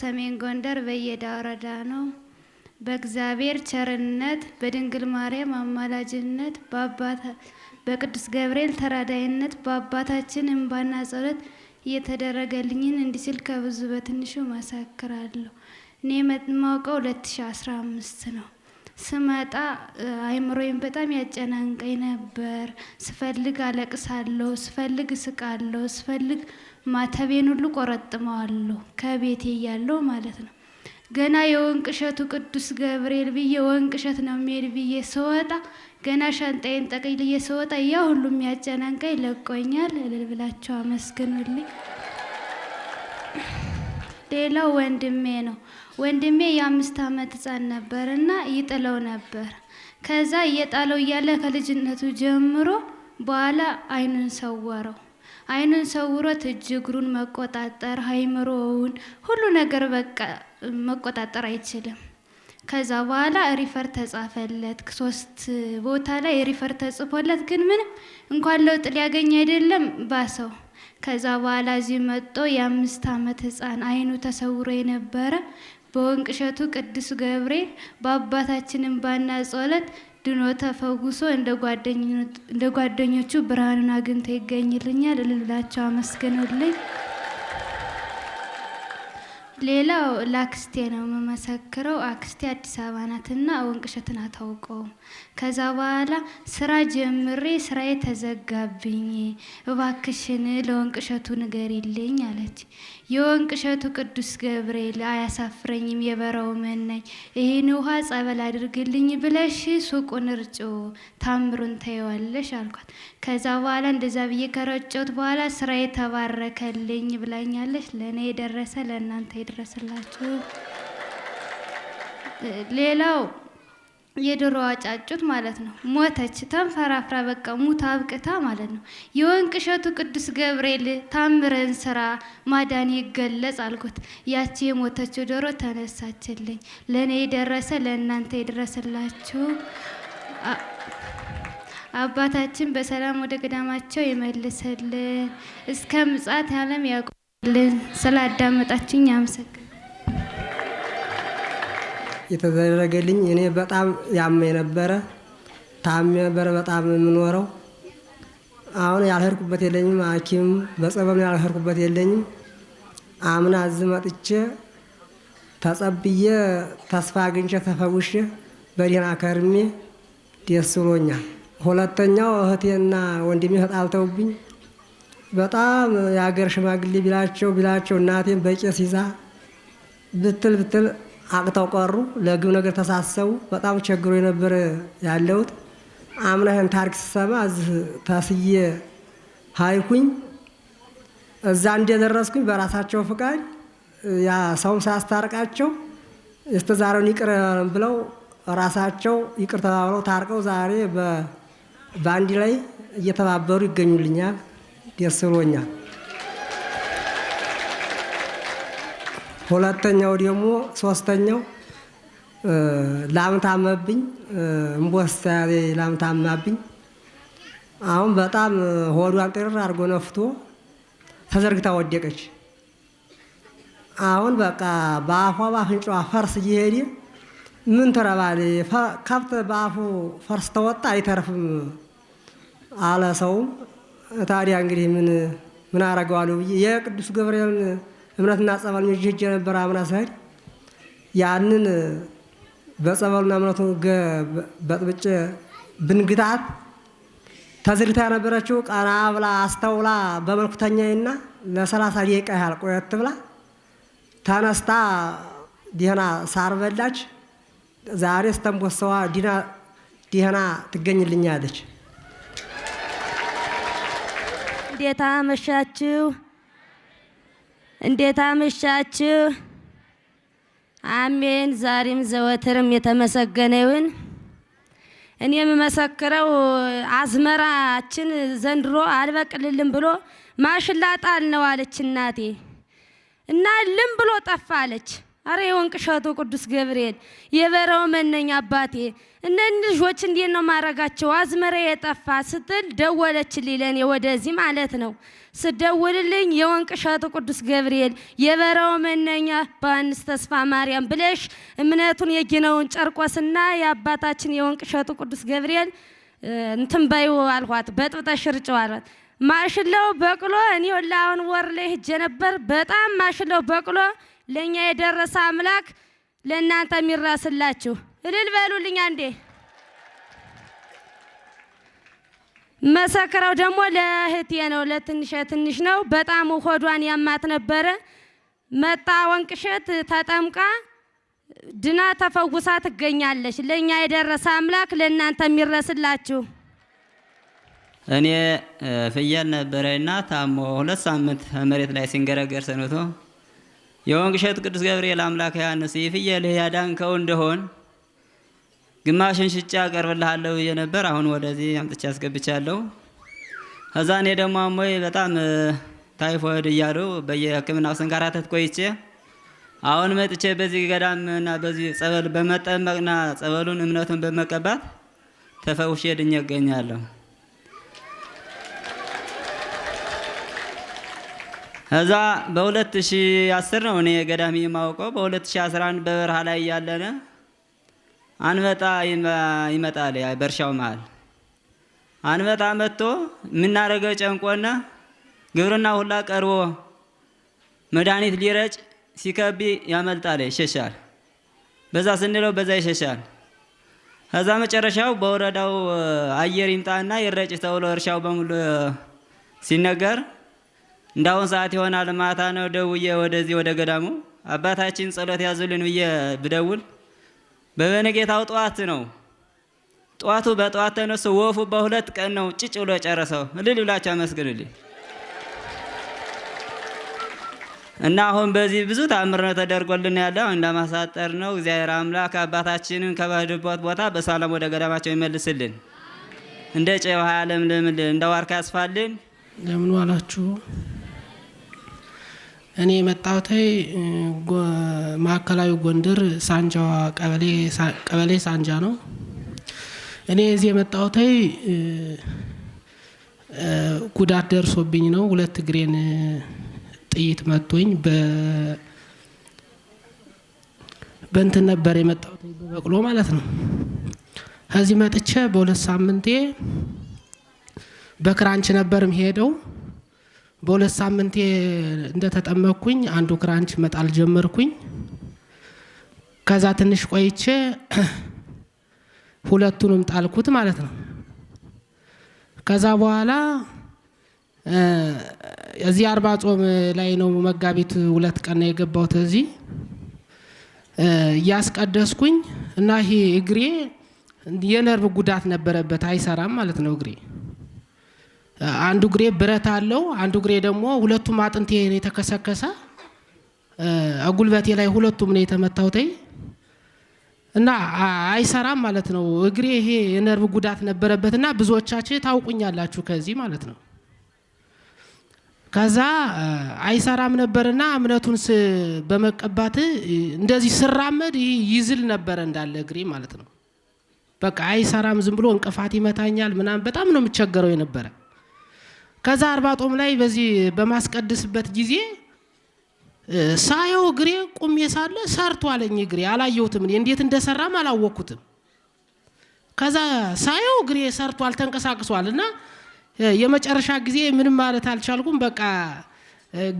ሰሜን ጎንደር በየዳ ወረዳ ነው። በእግዚአብሔር ቸርነት በድንግል ማርያም አማላጅነት በአባት በቅዱስ ገብርኤል ተራዳይነት በአባታችን እንባና ጸሎት እየተደረገልኝን እንዲችል ከብዙ በትንሹ መሰክራለሁ። እኔ የማውቀው አምስት ነው። ስመጣ አይምሮዬን በጣም ያጨናንቀኝ ነበር። ስፈልግ አለቅሳለሁ፣ ስፈልግ እስቃለሁ፣ ስፈልግ ማተቤን ሁሉ ቆረጥመዋለሁ። ከቤቴ እያለሁ ማለት ነው። ገና የወንቅ እሸቱ ቅዱስ ገብርኤል ብዬ ወንቅ እሸት ነው የሚሄድ ብዬ ስወጣ ገና ሻንጣዬን ጠቅልዬ ስወጣ ያ ሁሉ ያጨናንቀኝ ለቆኛል። እልል ብላችሁ አመስግኑልኝ። ሌላው ወንድሜ ነው። ወንድሜ የአምስት ዓመት ህፃን ነበር እና ይጥለው ነበር። ከዛ እየጣለው እያለ ከልጅነቱ ጀምሮ በኋላ አይኑን ሰወረው። አይኑን ሰውሮት እጅ እግሩን መቆጣጠር፣ ሀይምሮውን ሁሉ ነገር በቃ መቆጣጠር አይችልም። ከዛ በኋላ ሪፈር ተጻፈለት ሶስት ቦታ ላይ ሪፈር ተጽፎለት፣ ግን ምንም እንኳን ለውጥ ሊያገኝ አይደለም ባሰው። ከዛ በኋላ እዚህ መጦ የአምስት አመት ህፃን አይኑ ተሰውሮ የነበረ በወንቅ እሸቱ ቅዱስ ገብርኤል በአባታችንም ባና ጸሎት ድኖ ተፈጉሶ እንደ ጓደኞቹ ብርሃኑን አግኝቶ ይገኝልኛል። እልላቸው አመስግኑልኝ። ሌላው ለአክስቴ ነው የምመሰክረው። አክስቴ አዲስ አበባ ናትና ወንቅሸትን አታውቀውም። ከዛ በኋላ ስራ ጀምሬ ስራዬ ተዘጋብኝ፣ እባክሽን ለወንቅሸቱ ንገሪልኝ አለች። የወንቅሸቱ ቅዱስ ገብርኤል አያሳፍረኝም፣ የበረው መናኝ፣ ይህን ውሃ ጸበል አድርግልኝ ብለሽ ሱቁን እርጭው፣ ታምሩን ታየዋለሽ አልኳት። ከዛ በኋላ እንደዛ ብዬ ከረጨሁት በኋላ ስራዬ ተባረከልኝ ብላኛለች። ለእኔ የደረሰ ለእናንተ ይድረስላችሁ። ሌላው የዶሮ አጫጩት ማለት ነው። ሞተች ተንፈራፍራ በቃ ሙታ አብቅታ ማለት ነው። የወንቅ እሸቱ ቅዱስ ገብርኤል ታምረን ስራ ማዳን ይገለጽ አልኩት። ያቺ የሞተችው ዶሮ ተነሳችልኝ። ለእኔ የደረሰ ለእናንተ የደረሰላችሁ። አባታችን በሰላም ወደ ገዳማቸው ይመልሰልን እስከ ምጽአተ ዓለም ያቆ ስላዳመጣችኝ አመሰግናለሁ። የተደረገልኝ እኔ በጣም ያመ የነበረ ታሜ ነበረ በጣም የምኖረው አሁን ያልሄድኩበት የለኝም። ሐኪም በጸበም ያልሄድኩበት የለኝም። አምና እዚህ መጥቼ ተጸብዬ ተስፋ አግኝቼ ተፈውሼ በደህና ከርሜ ደስ ብሎኛል። ሁለተኛው እህቴና ወንድሜ ተጣልተውብኝ በጣም የሀገር ሽማግሌ ቢላቸው ቢላቸው እናቴን በቄስ ይዛ ብትል ብትል አቅተው ቀሩ። ለግብ ነገር ተሳሰቡ። በጣም ቸግሮ የነበረ ያለሁት አምናህን ታሪክ ስሰማ እዚህ ታስዬ ሀይኩኝ እዛ እንደደረስኩኝ በራሳቸው ፍቃድ ያ ሰውም ሳያስታርቃቸው እስተዛሬውን ይቅር ብለው ራሳቸው ይቅር ተባብለው ታርቀው ዛሬ በአንድ ላይ እየተባበሩ ይገኙልኛል። ደስ ብሎኛል። ሁለተኛው ደግሞ ሶስተኛው ላምታመብኝ ታመብኝ፣ እምቦሳ ላም አሁን በጣም ሆዷን ጥርር አድርጎ ነፍቶ ተዘርግታ ወደቀች። አሁን በቃ በአፏ በአፍንጫዋ ፈርስ እየሄደ ምን ትረባል? ከብት በአፉ ፈርስ ተወጣ አይተርፍም አለ ሰውም ታዲያ እንግዲህ ምን ምን አረገዋለሁ ብዬ የቅዱስ ገብርኤልን እምነትና ጸበል ሄጄ የነበረ አምና ስሄድ ያንን በጸበሉና እምነቱ በጥብጭ ብንግታት ተዝርታ የነበረችው ቀና ብላ አስተውላ በመልኩተኛይና ለሰላሳ ደቂቃ ያህል ቆየት ብላ ተነስታ ዲህና ሳር በላች። ዛሬ ስተንቦሰዋ ዲና ዲህና ትገኝልኛለች። እንዴት አመሻችሁ? እንዴት አመሻችሁ? አሜን። ዛሬም ዘወትርም የተመሰገነ ይሁን። እኔ የምመሰክረው አዝመራችን ዘንድሮ አልበቅልልም ብሎ ማሽላ ጣል ነው አለች እናቴ እና ልም ብሎ ጠፋ አለች። አረ የወንቅ እሸቱ ቅዱስ ገብርኤል የበረው መነኝ አባቴ እነን ልጆች እንዴት ነው ማረጋቸው? አዝመራ የጠፋ ስትል ደወለችልኝ፣ ለኔ ወደዚህ ማለት ነው። ስደውልልኝ የወንቅ እሸቱ ቅዱስ ገብርኤል የበረው መነኛ በዮሐንስ ተስፋ ማርያም ብለሽ እምነቱን የጊነውን ጨርቆስና የአባታችን የወንቅ እሸቱ ቅዱስ ገብርኤል እንትን በይው አልኋት፣ በጥብጠሽ ርጭው አልኋት። ማሽለው በቅሎ እኔ ወላ አሁን ወር ላይ ሄጄ ነበር። በጣም ማሽለው በቅሎ ለእኛ የደረሰ አምላክ ለእናንተ የሚራስላችሁ እልል በሉልኝ አንዴ። መሰክረው ደግሞ ለእህቴ ነው፣ ለትንሽ ትንሽ ነው። በጣም ሆዷን ያማት ነበረ። መጣ ወንቅሸት ተጠምቃ ድና ተፈውሳ ትገኛለች። ለእኛ የደረሰ አምላክ ለእናንተ የሚረስላችሁ። እኔ ፍየል ነበረና ታሞ ሁለት ሳምንት መሬት ላይ ሲንገረገር ሰንብቶ የወንቅ እሸት ቅዱስ ገብርኤል አምላክ ዮሐንስ የፍየልህ ያዳንከው እንደሆን ግማሽን ሽጫ አቀርብልሃለሁ ብዬ ነበር። አሁን ወደዚህ አምጥቼ አስገብቻለሁ። ከዛ እኔ ደግሞ አሞይ በጣም ታይፎይድ እያሉ በየሕክምናው ስንከራተት ቆይቼ አሁን መጥቼ በዚህ ገዳምና በዚህ ጸበል በመጠመቅና ጸበሉን እምነቱን በመቀባት ተፈውሼ ድኜ እገኛለሁ። እዛ በ2010 ነው እኔ ገዳሚ የማውቀው። በ2011 በበረሃ ላይ ያለነ አንበጣ ይመጣል በእርሻው መሀል አንበጣ መጥቶ የምናደርገው ጨንቆና ግብርና ሁላ ቀርቦ መድኃኒት ሊረጭ ሲከቢ ያመልጣል፣ ይሸሻል። በዛ ስንለው በዛ ይሸሻል። ከዛ መጨረሻው በወረዳው አየር ይምጣና ይረጭ ተብሎ እርሻው በሙሉ ሲነገር እንዳሁን ሰዓት ይሆናል፣ ማታ ነው። ደውዬ ወደዚህ ወደ ገዳሙ አባታችን ጸሎት ያዙልን ብዬ ብደውል በበነጌታው ጠዋት ነው። ጠዋቱ በጠዋት ተነሱ። ወፉ በሁለት ቀን ነው ጭጭ ብሎ ጨረሰው። እልል ብላችሁ አመስግኑልኝ። እና አሁን በዚህ ብዙ ታምር ነው ተደርጎልን ያለ አሁን ለማሳጠር ነው። እግዚአብሔር አምላክ አባታችንን ከባህድበት ቦታ በሰላም ወደ ገዳማቸው ይመልስልን። እንደ ጨው ዓለም እንደ ዋርካ ያስፋልን። እንደምን ዋላችሁ? እኔ የመጣሁት ማዕከላዊ ጎንደር ሳንጃዋ ቀበሌ ሳንጃ ነው። እኔ እዚህ የመጣሁት ጉዳት ደርሶብኝ ነው። ሁለት እግሬን ጥይት መቶኝ በእንትን ነበር የመጣሁት በበቅሎ ማለት ነው። ከዚህ መጥቼ በሁለት ሳምንቴ በክራንች ነበር የምሄደው። በሁለት ሳምንት እንደተጠመቅኩኝ አንዱ ክራንች መጣል ጀመርኩኝ። ከዛ ትንሽ ቆይቼ ሁለቱንም ጣልኩት ማለት ነው። ከዛ በኋላ እዚህ አርባ ጾም ላይ ነው መጋቢት ሁለት ቀን ነው የገባሁት። እዚህ እያስቀደስኩኝ እና ይሄ እግሬ የነርቭ ጉዳት ነበረበት፣ አይሰራም ማለት ነው እግሬ አንዱ እግሬ ብረት አለው፣ አንዱ እግሬ ደግሞ ሁለቱም አጥንቴ የተከሰከሰ ጉልበቴ ላይ ሁለቱም ነው የተመታውተኝ እና አይሰራም ማለት ነው። እግሬ ይሄ የነርቭ ጉዳት ነበረበት እና ብዙዎቻችን ታውቁኛላችሁ ከዚህ ማለት ነው። ከዛ አይሰራም ነበርና እምነቱን በመቀባት እንደዚህ ስራመድ ይዝል ነበረ እንዳለ እግሬ ማለት ነው። በቃ አይሰራም፣ ዝም ብሎ እንቅፋት ይመታኛል ምናምን፣ በጣም ነው የምቸገረው የነበረ ከዛ አርባ ጦም ላይ በዚህ በማስቀድስበት ጊዜ ሳየው እግሬ ቁሜ ሳለ ሰርቶ አለኝ። እግሬ አላየሁትም፣ እኔ እንዴት እንደሰራም አላወቅኩትም። ከዛ ሳየው እግሬ ሰርቷል፣ ተንቀሳቅሷል። እና የመጨረሻ ጊዜ ምንም ማለት አልቻልኩም። በቃ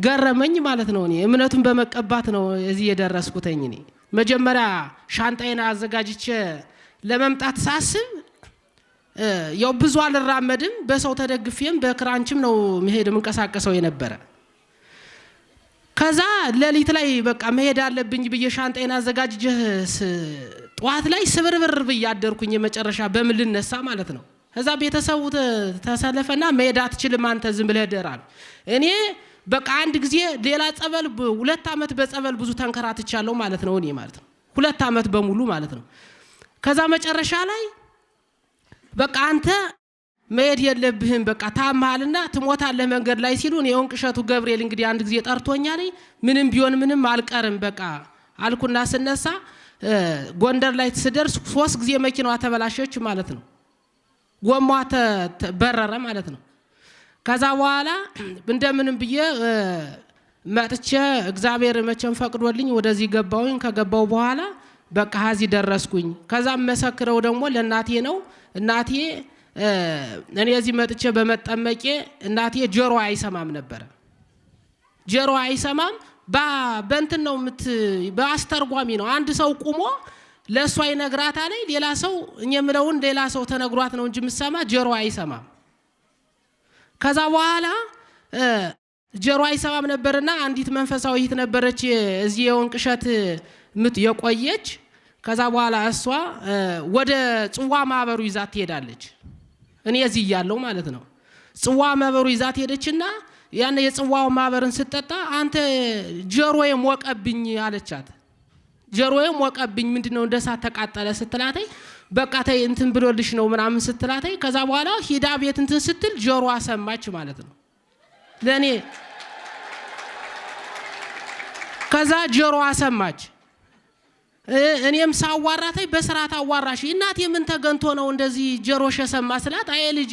ገረመኝ ማለት ነው። እኔ እምነቱን በመቀባት ነው እዚህ የደረስኩተኝ። እኔ መጀመሪያ ሻንጣዬን አዘጋጅቼ ለመምጣት ሳስብ ያው ብዙ አልራመድም። በሰው ተደግፌም በክራንችም ነው መሄድ የምንቀሳቀሰው የነበረ። ከዛ ሌሊት ላይ በቃ መሄድ አለብኝ ብዬ ሻንጣዬን አዘጋጅጀህ ጠዋት ላይ ስብርብር ብዬ አደርኩኝ። የመጨረሻ በምን ልነሳ ማለት ነው። ከዛ ቤተሰቡ ተሰለፈና መሄድ አትችልም አንተ ዝም ብለህ ደራል። እኔ በቃ አንድ ጊዜ ሌላ ጸበል ሁለት ዓመት በጸበል ብዙ ተንከራትቻለሁ ማለት ነው። እኔ ማለት ነው ሁለት ዓመት በሙሉ ማለት ነው። ከዛ መጨረሻ ላይ በቃ አንተ መሄድ የለብህም በቃ ታምሃልና ትሞታለህ መንገድ ላይ ሲሉ እኔ የወንቅ እሸቱ ገብርኤል እንግዲህ አንድ ጊዜ ጠርቶኛል። ምንም ቢሆን ምንም አልቀርም በቃ አልኩና ስነሳ ጎንደር ላይ ስደርስ ሶስት ጊዜ መኪናዋ ተበላሸች ማለት ነው። ጎማ ተበረረ ማለት ነው። ከዛ በኋላ እንደምንም ብዬ መጥቼ እግዚአብሔር መቼም ፈቅዶልኝ ወደዚህ ገባውኝ። ከገባው በኋላ በቃ ሀዚ ደረስኩኝ። ከዛም መሰክረው ደግሞ ለእናቴ ነው እናቴ እኔ እዚህ መጥቼ በመጠመቄ እናቴ ጆሮ አይሰማም ነበረ። ጆሮ አይሰማም በእንትን ነው ምት በአስተርጓሚ ነው። አንድ ሰው ቁሞ ለእሷ ይነግራት አለኝ። ሌላ ሰው የምለውን ሌላ ሰው ተነግሯት ነው እንጂ የምትሰማ ጆሮ አይሰማም። ከዛ በኋላ ጆሮ አይሰማም ነበርና አንዲት መንፈሳዊ እህት ነበረች እዚህ የወንቅ እሸት ምት የቆየች ከዛ በኋላ እሷ ወደ ጽዋ ማህበሩ ይዛት ትሄዳለች። እኔ እዚህ እያለሁ ማለት ነው። ጽዋ ማህበሩ ይዛት ሄደችና ያን የጽዋው ማህበርን ስጠጣ አንተ ጀሮዬ ሞቀብኝ አለቻት። ጀሮዬ ሞቀብኝ ምንድነው እንደ ሳት ተቃጠለ ስትላተይ በቃ ተይ እንትን ብሎልሽ ነው ምናምን ስትላተይ ከዛ በኋላ ሂዳ ቤት እንትን ስትል ጀሮዋ ሰማች ማለት ነው ለእኔ ከዛ ጀሮዋ ሰማች። እኔም ሳዋራታይ በስርዓት አዋራሽ እናት የምን ተገንቶ ነው እንደዚህ ጀሮ ሸሰማ ስላት፣ አይ ልጄ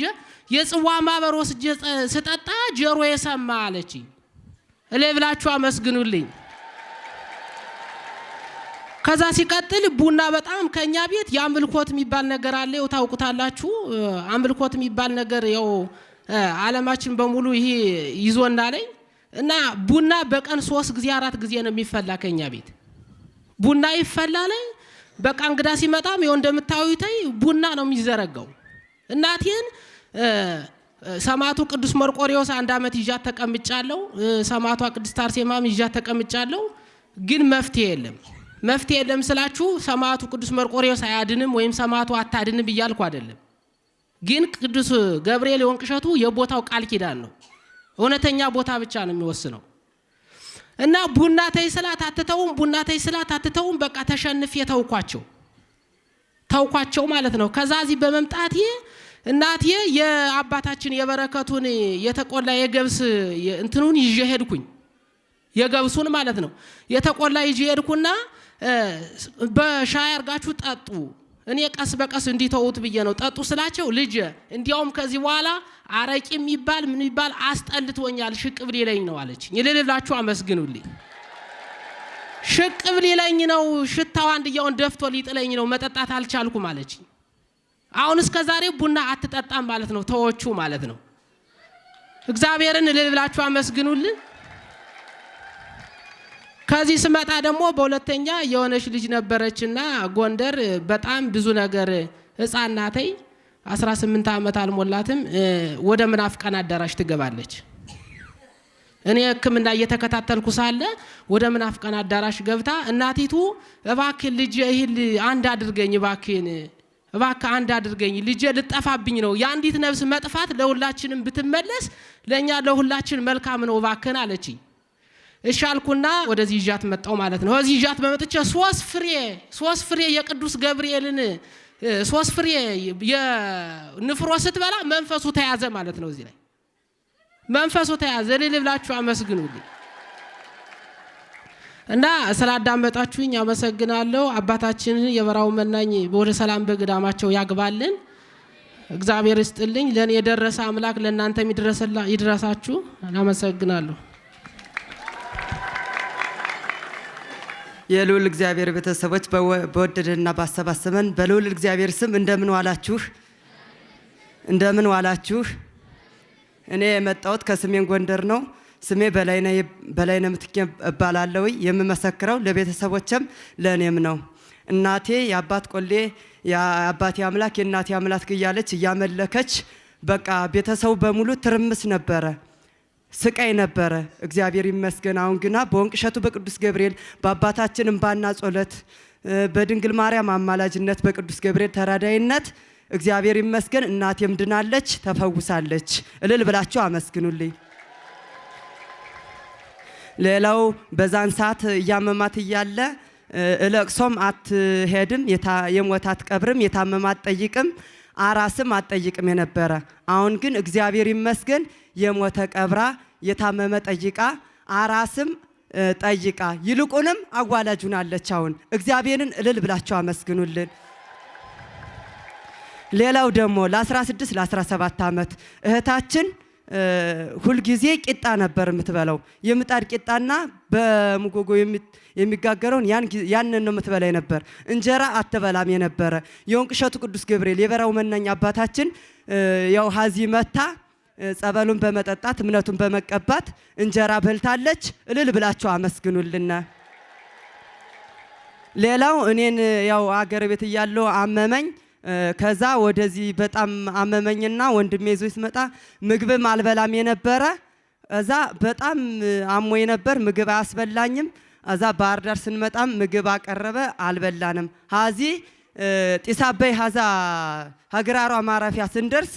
የጽዋ ማበር ስጠጣ ጀሮ የሰማ አለች። እሌ ብላችሁ አመስግኑልኝ። ከዛ ሲቀጥል ቡና በጣም ከኛ ቤት የአምልኮት የሚባል ነገር አለ። ያው ታውቁታላችሁ። አምልኮት የሚባል ነገር ው አለማችን በሙሉ ይሄ ይዞ ላይ እና ቡና በቀን ሶስት ጊዜ አራት ጊዜ ነው የሚፈላ ከኛ ቤት ቡና ይፈላል። በቃ እንግዳ ሲመጣም ይኸው እንደምታዩተኝ ቡና ነው የሚዘረጋው። እናቴን ሰማዕቱ ቅዱስ መርቆሪዎስ አንድ ዓመት ይዣት ተቀምጫለሁ። ሰማዕቷ ቅድስት አርሴማም ይዣት ተቀምጫለሁ። ግን መፍትሄ የለም መፍትሄ የለም ስላችሁ ሰማዕቱ ቅዱስ መርቆሪዎስ አያድንም ወይም ሰማዕቱ አታድንም እያልኩ አይደለም። ግን ቅዱስ ገብርኤል የወንቅ እሸቱ የቦታው ቃል ኪዳን ነው። እውነተኛ ቦታ ብቻ ነው የሚወስነው። እና ቡና ተይ ስላት አትተውም፣ ቡና ተይ ስላት አትተውም። በቃ ተሸንፍ ተውኳቸው ተውኳቸው ማለት ነው። ከዛ እዚህ በመምጣቴ እናቴ የአባታችን የበረከቱን የተቆላ የገብስ እንትኑን ይዤ ሄድኩኝ። የገብሱን ማለት ነው የተቆላ ይዤ ሄድኩና በሻይ አርጋችሁ ጠጡ እኔ ቀስ በቀስ እንዲተውት ብዬ ነው ጠጡ ስላቸው፣ ልጄ እንዲያውም ከዚህ በኋላ አረቂ የሚባል ምን የሚባል አስጠልቶኛል፣ ሽቅብ ሊለኝ ነው አለች። ይልልላችሁ አመስግኑልኝ። ሽቅብ ሊለኝ ነው፣ ሽታው አንድያውን ደፍቶ ሊጥለኝ ነው፣ መጠጣት አልቻልኩም አለች። አሁን እስከ ዛሬ ቡና አትጠጣም ማለት ነው፣ ተዎቹ ማለት ነው። እግዚአብሔርን እልልላችሁ አመስግኑልን። ከዚህ ስመጣ ደግሞ በሁለተኛ የሆነች ልጅ ነበረችና ጎንደር በጣም ብዙ ነገር ህፃን 18 ዓመት አልሞላትም። ወደ ምናፍቃን አዳራሽ ትገባለች። እኔ ሕክምና እየተከታተልኩ ሳለ ወደ ምናፍቃን አዳራሽ ገብታ እናቲቱ እባክን ልጅ ይህል አንድ አድርገኝ፣ እባክን እባክህ አንድ አድርገኝ፣ ልጄ ልጠፋብኝ ነው። የአንዲት ነፍስ መጥፋት ለሁላችንም ብትመለስ ለእኛ ለሁላችን መልካም ነው፣ እባክን አለችኝ። እሻልኩና ወደዚህ ይዣት መጣው ማለት ነው። እዚህ ይዣት በመጥቼ ሶስት ፍሬ ሶስት ፍሬ የቅዱስ ገብርኤልን ሶስት ፍሬ የንፍሮ ስትበላ መንፈሱ ተያዘ ማለት ነው። እዚህ ላይ መንፈሱ ተያዘ። እልል ብላችሁ አመስግኑልኝ። እና ስላዳመጣችሁኝ አመሰግናለሁ። አባታችን የበራው መናኝ ወደ ሰላም በገዳማቸው ያግባልን። እግዚአብሔር ይስጥልኝ። ለእኔ የደረሰ አምላክ ለእናንተም ይድረሳችሁ። አመሰግናለሁ። የልዑል እግዚአብሔር ቤተሰቦች በወደደንና ባሰባሰበን በልዑል እግዚአብሔር ስም እንደምን ዋላችሁ? እንደምን ዋላችሁ? እኔ የመጣሁት ከሰሜን ጎንደር ነው። ስሜ በላይነህ ምትኬ እባላለሁ። የምመሰክረው ለቤተሰቦችም ለእኔም ነው። እናቴ የአባት ቆሌ የአባቴ አምላክ የእናቴ አምላክ እያለች እያመለከች በቃ ቤተሰቡ በሙሉ ትርምስ ነበረ። ስቃይ ነበረ። እግዚአብሔር ይመስገን። አሁን ግና በወንቅ እሸቱ በቅዱስ ገብርኤል በአባታችንም ባና ጸሎት በድንግል ማርያም አማላጅነት በቅዱስ ገብርኤል ተራዳይነት እግዚአብሔር ይመስገን እናቴም ድናለች፣ ተፈውሳለች። እልል ብላችሁ አመስግኑልኝ። ሌላው በዛን ሰዓት እያመማት እያለ እለቅሶም አትሄድም፣ የሞት አትቀብርም፣ የታመም አትጠይቅም፣ አራስም አትጠይቅም የነበረ አሁን ግን እግዚአብሔር ይመስገን የሞተ ቀብራ የታመመ ጠይቃ አራስም ጠይቃ ይልቁንም አዋላጁን አለች። አሁን እግዚአብሔርን እልል ብላቸው አመስግኑልን። ሌላው ደግሞ ለ16 ለ17 ዓመት እህታችን ሁልጊዜ ቂጣ ነበር የምትበላው። የምጣድ ቂጣና በሙጎጎ የሚጋገረውን ያንን ነው የምትበላይ ነበር። እንጀራ አትበላም የነበረ የወንቅ እሸቱ ቅዱስ ገብርኤል የበራው መናኝ አባታችን ያው ሀዚ መታ ጸበሉን በመጠጣት እምነቱን በመቀባት እንጀራ በልታለች። እልል ብላችሁ አመስግኑልና። ሌላው እኔን ያው አገር ቤት እያለሁ አመመኝ። ከዛ ወደዚህ በጣም አመመኝና ወንድሜ ይዞ ሲመጣ ምግብም አልበላም የነበረ እዛ በጣም አሞ የነበር ምግብ አያስበላኝም። እዛ ባህር ዳር ስንመጣም ምግብ አቀረበ፣ አልበላንም። ሀዚ ጢሳበይ ሀዛ ሀግራሯ ማረፊያ ስንደርስ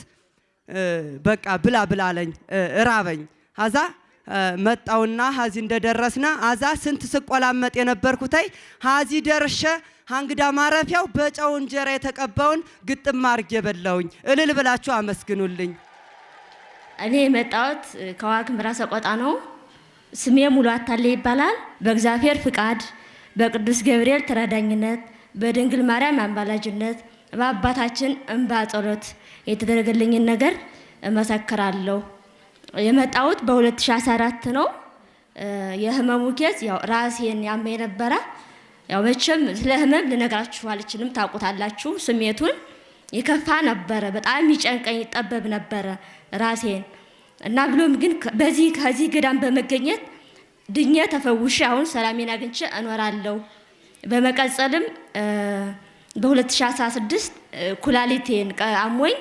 በቃ ብላ ብላ አለኝ፣ እራበኝ። አዛ መጣውና ሀዚ እንደደረስና አዛ ስንት ስቆላመጥ የነበርኩታይ ሀዚ ደርሸ አንግዳ ማረፊያው በጨው እንጀራ የተቀባውን ግጥም አድርጌ በላውኝ። እልል ብላችሁ አመስግኑልኝ። እኔ የመጣሁት ራሰ ቆጣ ነው። ስሜ ሙሉ አታሌ ይባላል። በእግዚአብሔር ፍቃድ በቅዱስ ገብርኤል ተራዳኝነት በድንግል ማርያም አንባላጅነት በአባታችን እንባ ጸሎት የተደረገልኝን ነገር እመሰክራለሁ። የመጣሁት በ2014 ነው። የህመሙ ኬዝ ያው ራሴን ያመ የነበረ ያው መቼም ስለ ህመም ልነግራችሁ አልችልም፣ ታውቁታላችሁ ስሜቱን። የከፋ ነበረ፣ በጣም ይጨንቀኝ ይጠበብ ነበረ ራሴን እና ብሎም ግን በዚህ ከዚህ ገዳም በመገኘት ድኜ ተፈውሼ አሁን ሰላሜን አግኝቼ እኖራለሁ። በመቀጸልም በ2016 ኩላሊቴን አሞኝ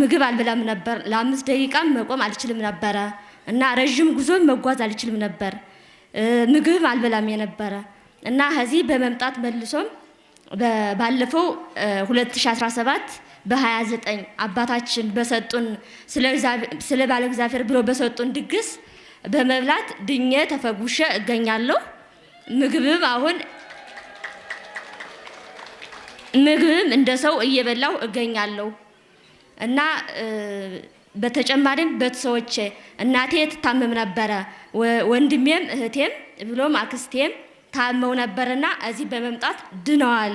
ምግብ አልበላም ነበር። ለአምስት ደቂቃ መቆም አልችልም ነበረ እና ረዥም ጉዞ መጓዝ አልችልም ነበር። ምግብም አልበላም የነበረ እና ከዚህ በመምጣት መልሶም ባለፈው 2017 በ29 አባታችን በሰጡን ስለ ባለ እግዚአብሔር ብሎ በሰጡን ድግስ በመብላት ድኜ ተፈጉሸ እገኛለሁ። ምግብም አሁን ምግብም እንደ ሰው እየበላው እገኛለሁ እና በተጨማሪም ቤተሰቦቼ እናቴ ትታመም ነበረ። ወንድሜም እህቴም ብሎም አክስቴም ታመው ነበርና እዚህ በመምጣት ድነዋል።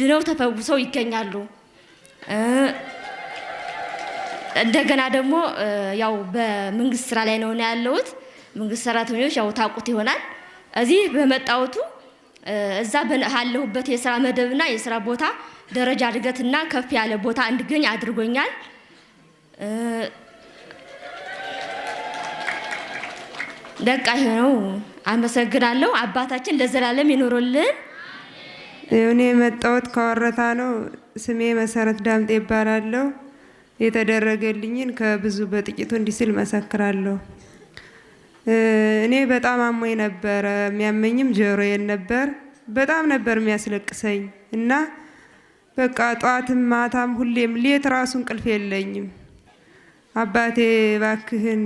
ድነው ተፈውሰው ይገኛሉ። እንደገና ደግሞ ያው በመንግስት ስራ ላይ ነው ያለሁት። መንግስት ሰራተኞች ያው ታውቁት ይሆናል። እዚህ በመጣወቱ እዛ ባለሁበት የስራ መደብና የስራ ቦታ ደረጃ እድገትና ከፍ ያለ ቦታ እንድገኝ አድርጎኛል። በቃ ይሄ ነው። አመሰግናለሁ። አባታችን ለዘላለም ይኖርልን። እኔ የመጣሁት ከወረታ ነው። ስሜ መሰረት ዳምጤ ይባላለሁ። የተደረገልኝን ከብዙ በጥቂቱ እንዲህ ስል መሰክራለሁ። እኔ በጣም አሞኝ ነበረ። የሚያመኝም ጆሮዬን ነበር። በጣም ነበር የሚያስለቅሰኝ እና በቃ ጠዋትም ማታም ሁሌም ሌት ራሱ እንቅልፍ የለኝም። አባቴ ባክህን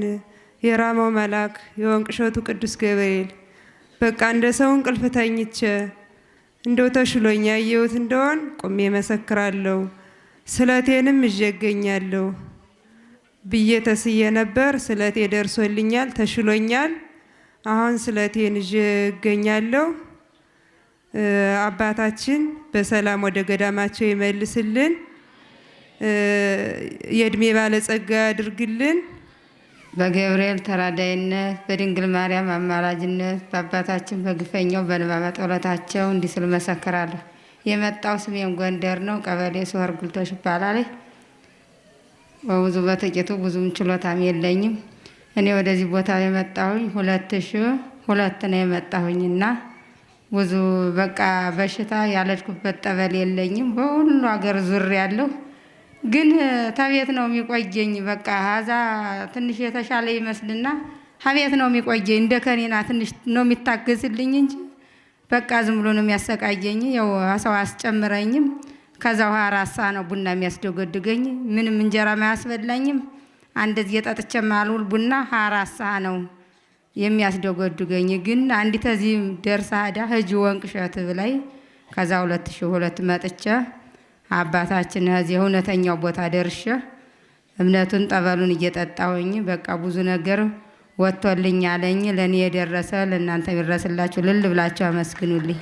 የራማው መልአክ የወንቅ እሸቱ ቅዱስ ገብርኤል በቃ እንደ ሰው እንቅልፍ ተኝቼ እንደው ተሽሎኝ ያየሁት እንደሆን ቁሜ መሰክራለሁ። ስለቴንም እዤ እገኛለሁ። ብዬ ተስዬ ነበር። ስለቴ ደርሶልኛል፣ ተሽሎኛል። አሁን ስለቴን ይዤ እገኛለሁ። አባታችን በሰላም ወደ ገዳማቸው ይመልስልን፣ የእድሜ ባለጸጋ ያድርግልን። በገብርኤል ተራዳይነት በድንግል ማርያም አማላጅነት በአባታችን በግፈኛው በንባመ ጸሎታቸው እንዲህ ስል መሰክራለሁ። የመጣው ስሜም ጎንደር ነው። ቀበሌ ስወር ጉልቶሽ ይባላል። በብዙ በጥቂቱ ብዙም ችሎታም የለኝም። እኔ ወደዚህ ቦታ የመጣሁኝ ሁለት ሺ ሁለት ነው የመጣሁኝ እና ብዙ በቃ በሽታ ያለድኩበት ጠበል የለኝም። በሁሉ ሀገር ዙር ያለሁ ግን ተቤት ነው የሚቆየኝ። በቃ ሀዛ ትንሽ የተሻለ ይመስልና ሀቤት ነው የሚቆየኝ። እንደ ከኔና ትንሽ ነው የሚታገዝልኝ እንጂ በቃ ዝም ብሎ ነው የሚያሰቃየኝ። ያው ሰው አስጨምረኝም ከዛ ውሃ ራሳ ነው ቡና የሚያስደጎድገኝ ምንም እንጀራ ማያስበላኝም። አንደዚህ ጊዜ ማልውል ቡና ሀራሳ ነው የሚያስደጎድገኝ። ግን አንዲት እዚህ ደርሳ ሄዳ ህጅ ወንቅ እሸት ብላይ ከዛ ሁለት ሺ ሁለት መጥቼ አባታችን እዚህ እውነተኛው ቦታ ደርሼ እምነቱን ጠበሉን እየጠጣሁኝ በቃ ብዙ ነገር ወጥቶልኝ አለኝ። ለእኔ የደረሰ ለእናንተ የሚደረስላችሁ ልል ብላችሁ አመስግኑልኝ።